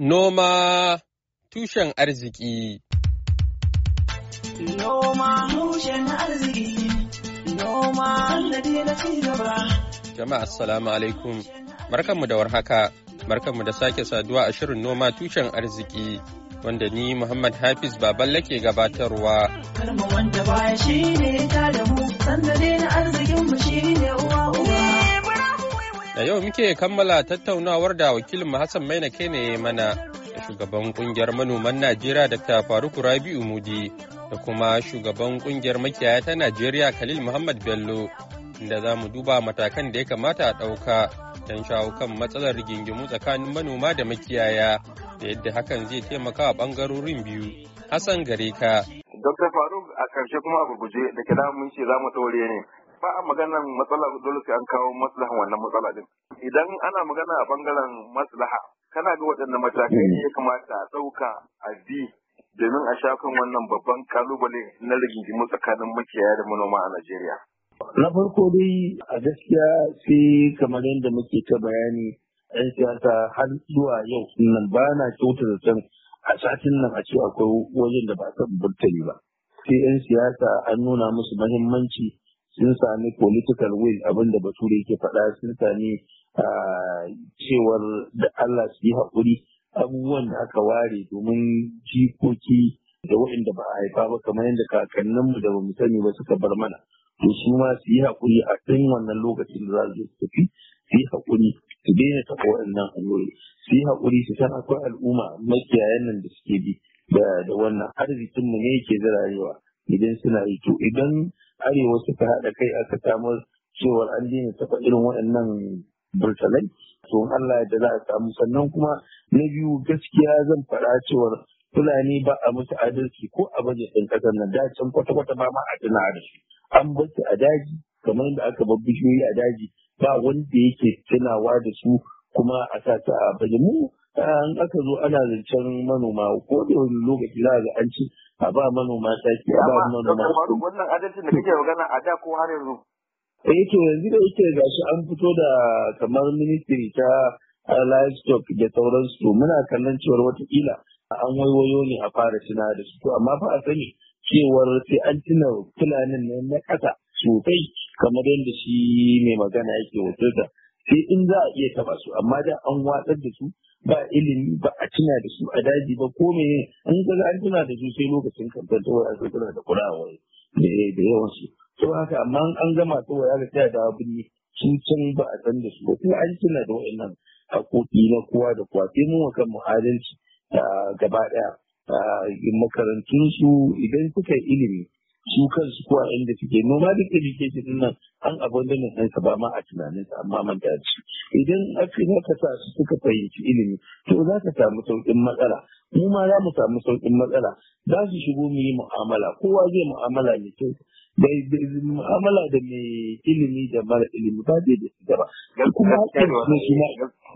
Noma tushen arziki Noma tushen arziki Noma na ci gaba Jama'a assalamu alaikum Markanmu da warhaka Markanmu da sake saduwa a shirin noma tushen arziki wanda ni Muhammad Hafiz Baballe ke gabatarwa. Karma wanda baya shi ne ta da mu, sanda na arzikinmu shi ne uwa uwa. Da yau muke kammala tattaunawar da wakilin Hassan Maina ne mana da shugaban kungiyar manoman Najeriya Dr. Faruku Rabi'u Mudi da kuma shugaban kungiyar makiyaya ta Najeriya Khalil Muhammad Bello inda za mu duba matakan da ya kamata a ɗauka don shawo kan matsalar rigingimu tsakanin manoma da makiyaya da yadda hakan zai taimaka a ɓangarorin biyu. Hassan Gareka. Dr. Faruk a ƙarshe kuma abu guje da kira mun ce za mu ɗore ne. ba a maganar matsala dole sai an kawo maslahan wannan matsala din idan ana magana a bangaren maslaha kana ga waɗannan matakai ne ya kamata a ɗauka a bi domin a sha wannan babban kalubale na rigingimu tsakanin makiyaya da manoma a Najeriya. Na farko dai a gaskiya sai kamar yadda muke ta bayani 'yan siyasa har zuwa yau nan ba na kyauta da can a satin nan a ce akwai wajen da ba a burtali ba. Sai 'yan siyasa an nuna musu muhimmanci. sun sami political will abinda da bature yake faɗa sun sami ah, cewar da Allah su yi haƙuri abubuwan da aka ware domin jikoki da waɗanda ba a haifa ba kamar yadda kakanninmu da ba mu sani ba suka bar mana to su ma su yi haƙuri a ɗin wannan lokacin da za su tafi su yi haƙuri su daina taɓa waɗannan hanyoyi su yi haƙuri su san akwai al'umma makiyayan nan da suke bi da wannan arzikinmu ne yake zirarewa idan suna yi to idan arewa suka haɗa kai aka samu cewar an daina taɓa irin waɗannan burtalai to Allah da za a samu sannan kuma na biyu gaskiya zan faɗa cewar Fulani ba a musu adalci ko a baje ɗin ƙasar nan da can kwata-kwata ba ma a tuna da su an bar su a daji kamar yadda aka bar bishiyoyi a daji ba wanda yake tunawa da su kuma a sa su a baje mu an aka zo ana zancen manoma ko da wani lokaci za ga an ci a ba manoma taki a ba manoma su. wannan adalcin da kake magana a da ko har yanzu eh to yanzu da yake gashi an fito da kamar ministry ta livestock da sauransu muna kallon cewar watakila an waiwayo ne a fara tuna da su to amma fa a sani cewar sai an tuna fulanin ne na ƙasa sosai kamar yadda shi mai magana yake da, sai in za a iya taba su amma da an watsar da su ba ilimi ba a tuna da su a daji ba ko me an ga an tuna da su sai lokacin kamfan to ya sai tuna da kurawa da yawan su to haka amma an gama to ya ga ta da abin sun can ba a san da su ba kuma an tuna da wayannan hakoki na kowa da kowa sai mun kan mu adalci ah, gaba daya ah, makarantun su idan suka yi ilimi su kansu kuwa inda suke da education din nan an abandonin ɗansa ba ma a tunaninsa amma manta su idan aka za ka sa su suka fahimci ilimi to za ka samu sauƙin matsala mu ma za mu samu sauƙin matsala za su shigo mu yi mu'amala kowa zai mu'amala ne kyau da mu'amala da mai ilimi da mara ilimi ba zai da shiga ba. Eh,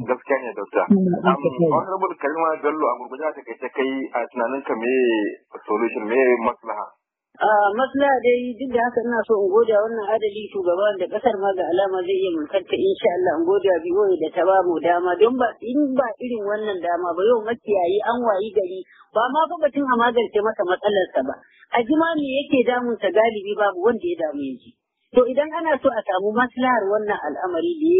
gaskiya ne dokta. Honorable Karima Bello a gurgurda ta kai ta kai a tunaninka me solution me maslaha. maslaha dai duk da haka ina so in goda wannan adali shugaba da kasar ma ga alama zai iya mulkarta insha Allah in goda biyo da ta bamu dama don ba in ba irin wannan dama ba yau makiyayi an wayi gari ba ma fa batun a magance masa matsalarsa ba a jima me yake damun sa galibi babu wanda ya damu yaji? to idan ana so a samu maslahar wannan al'amari da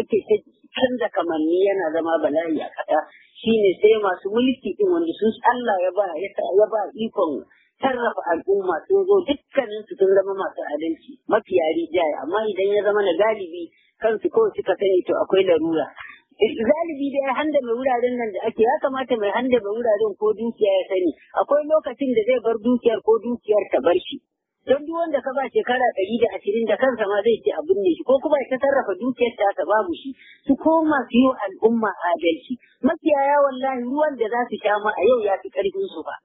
yake ta canza kamanni yana zama bala'i a kasa shine sai masu mulki din wanda sun Allah ya ba ya ba ikon sarrafa al'umma sun zo dukkanin su sun zama masu adalci mafiya rijaya amma idan ya zama na galibi kansu ko suka sani to akwai larura eh, galibi da ya handa mai wuraren nan da ake ya kamata mai handa mai wuraren ko dukiya ya sani akwai lokacin da zai bar dukiyar ko dukiyar ta bar shi don duk wanda ka ba shekara ɗari da ashirin da kansa ma zai ce abin ne shi ko kuma ta sarrafa dukiyar ta ka babu shi su koma su yi al'umma adalci makiyaya wallahi ruwan da za su sha ma a yau ya fi ƙarfin su ba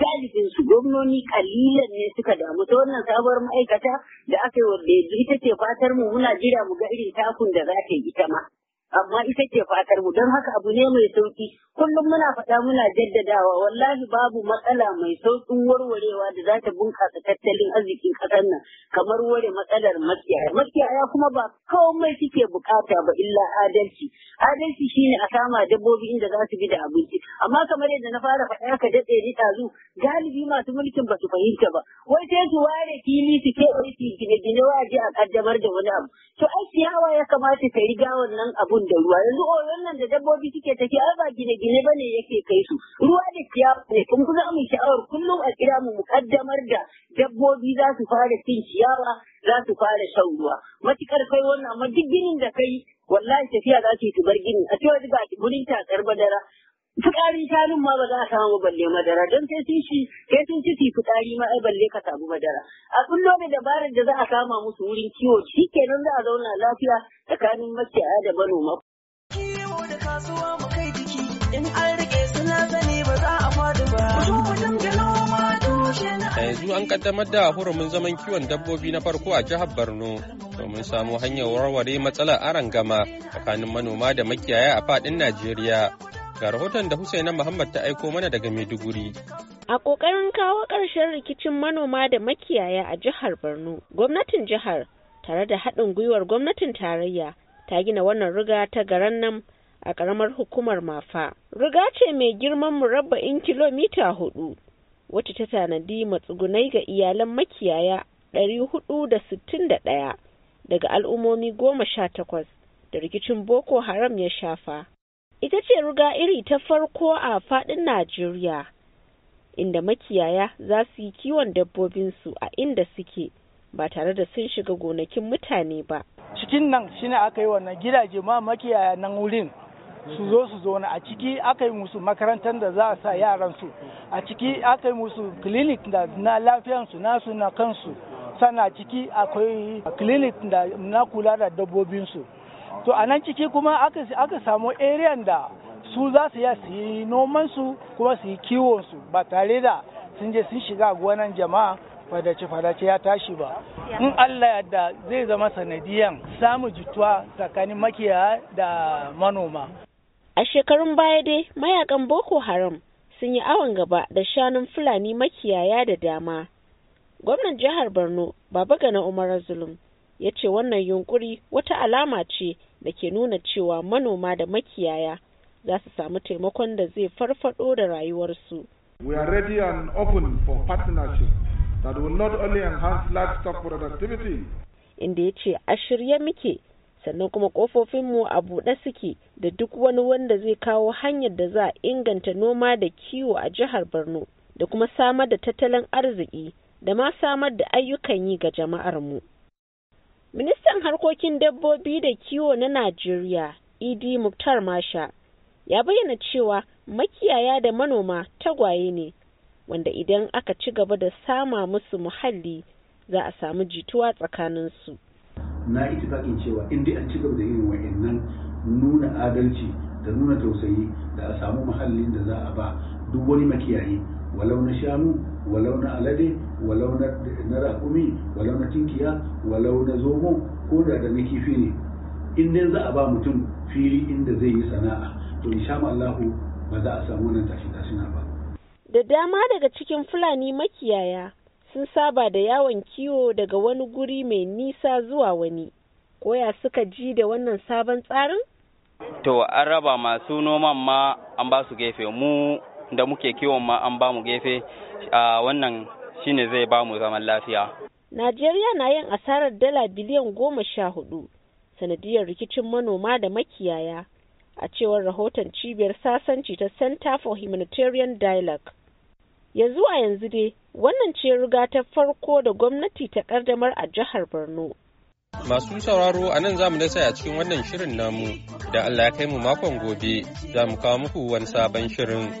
galibin su gwamnoni kalilan ne suka damu ta wannan sabuwar ma'aikata da aka yi wadda ita ce fatar mu muna jira mu ga irin takun da za ta yi ita ma. amma ita ce fatar mu don haka abu ne mai sauki kullum muna faɗa muna jaddadawa wallahi babu matsala mai sauƙin warwarewa da za ta bunƙasa tattalin arzikin ƙasar nan kamar ware matsalar makiyaya makiyaya kuma ba mai suke buƙata ba illa adalci adalci shine a sama dabbobi inda za su bi da abinci amma kamar yadda na fara faɗa ka daɗe ni ɗazu galibi masu mulkin ba su fahimta ba wai sai su ware fili su ke su gine-gine waje a ƙaddamar da wani abu to ai ciyawa ya kamata ta riga wannan abun da ruwa yanzu oyon nan da dabbobi suke tafi ai ba gine-gine ba ne yake kai su ruwa da ciyawa ne kun kuza mu sha'awar kullum a kira mu mukaddamar da dabbobi za su fara cin ciyawa za su fara shan ruwa matukar kai wannan amma duk ginin da kai wallahi tafiya za su yi su bar gini a cewa ba gurin takar madara fitsarin shanun ma ba za a samu balle madara don sai sun shi sai sun ci fi fitsari ma ai balle ka samu madara a kullo da dabarar da za a kama musu wurin kiwo shi nan za a zauna lafiya tsakanin makiyaya da manoma kiwo da kasuwa mu kai jiki in an rike suna zane ba za a fadi ba a yanzu an kaddamar da hurumin zaman kiwon dabbobi na farko a jihar Borno domin samu hanyar warware matsalar arangama tsakanin manoma da makiyaya a fadin Najeriya. Ga rahoton da Husaina Muhammad ta aiko mana daga Maiduguri. A ƙoƙarin kawo ƙarshen rikicin manoma da makiyaya a jihar Borno, gwamnatin jihar tare da haɗin gwiwar gwamnatin tarayya ta gina wannan riga ta garan nan a ƙaramar hukumar Mafa. Riga ce mai girman murabba'in kilomita hudu, wacce ta tanadi matsugunai ga iyalan makiyaya ɗari hudu da sittin da ɗaya daga al'ummomi goma sha takwas da rikicin Boko Haram ya shafa. ita ce ruga iri ta farko a fadin Najeriya, inda makiyaya za su yi kiwon dabbobinsu a inda suke ba tare da sun shiga gonakin mutane ba. Cikin nan shi ne aka yi wannan gidaje ma makiyaya nan wurin su zo su zo a ciki aka yi musu makarantar da za a sa yaransu, a ciki aka yi musu clinic da na lafiyansu nasu na kansu, sana ciki akwai clinic da na kula da dabbobinsu. to a nan ciki kuma aka samu ariyan da su za su yi su yi nomansu kuma su yi kiwonsu ba tare da sun je sun shiga gonan jama'a fadace fadace ya tashi ba in Allah yadda zai zama sanadiyan samu jituwa tsakanin makiyaya da manoma a shekarun baya dai mayakan boko haram sun yi awon gaba da shanun fulani makiyaya da dama gwamnan jihar borno baba gana umar zulum ya ce wannan yunkuri wata alama ce da ke nuna cewa manoma da makiyaya za su samu taimakon da zai farfado da rayuwarsu. We are ready and open for partnership that will not only enhance livestock productivity. Inda ya ce a shirye muke sannan kuma kofofinmu a buɗe suke da duk wani wanda zai kawo hanyar da za a inganta noma da kiwo a jihar Borno da kuma samar da tattalin arziki da ma samar da ayyukan yi ga jama'armu. mu. Ministan harkokin dabbobi da kiwo na Najeriya, Idi e Muktar Masha, ya bayyana cewa makiyaya da manoma tagwaye ne, wanda idan aka ci gaba da sama musu muhalli za a samu jituwa tsakaninsu. Na itifakin cewa in an ci gaba da yin wa'annan nuna adalci da nuna tausayi da a samu muhallin da za a ba duk wani makiyayi walau na shanu walau na alade walau na raƙumi walau na tinkiya walau na zomo ko da da na kifi ne in dai za a ba mutum fili inda zai yi sana'a to in sha mu allahu ba za a samu wannan tashi tashina ba da dama daga cikin fulani makiyaya sun saba da yawon kiwo daga wani guri mai nisa zuwa wani koya suka ji da wannan sabon tsarin to an raba masu noman ma an ba su gefe mu da muke kiwon ma an ba mu gefe wannan shine zai ba mu zaman lafiya. Najeriya na yin asarar dala biliyan goma sha hudu sanadiyar rikicin manoma da makiyaya a cewar rahoton cibiyar sasanci ta Center for Humanitarian Dialogue. Yanzu a yanzu dai wannan ce ruga ta farko da gwamnati ta ƙaddamar a jihar Borno. Masu sauraro a nan za mu dasa a cikin wannan shirin namu da Allah ya kai mu makon gobe za mu kawo muku wani sabon shirin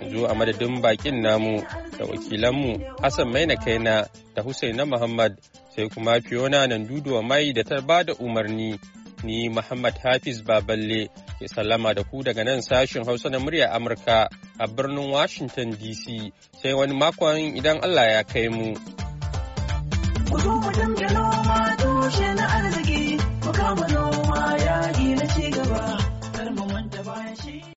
yanzu a madadin bakin namu da wakilanmu Hassan Maina Kaina da na Muhammad sai kuma Fiona wa Mai da ta ba da umarni ni Muhammad Hafiz Baballe ke sallama da ku daga nan sashin Hausa na murya Amurka a birnin Washington DC sai wani makon idan Allah ya kai mu. yaushe na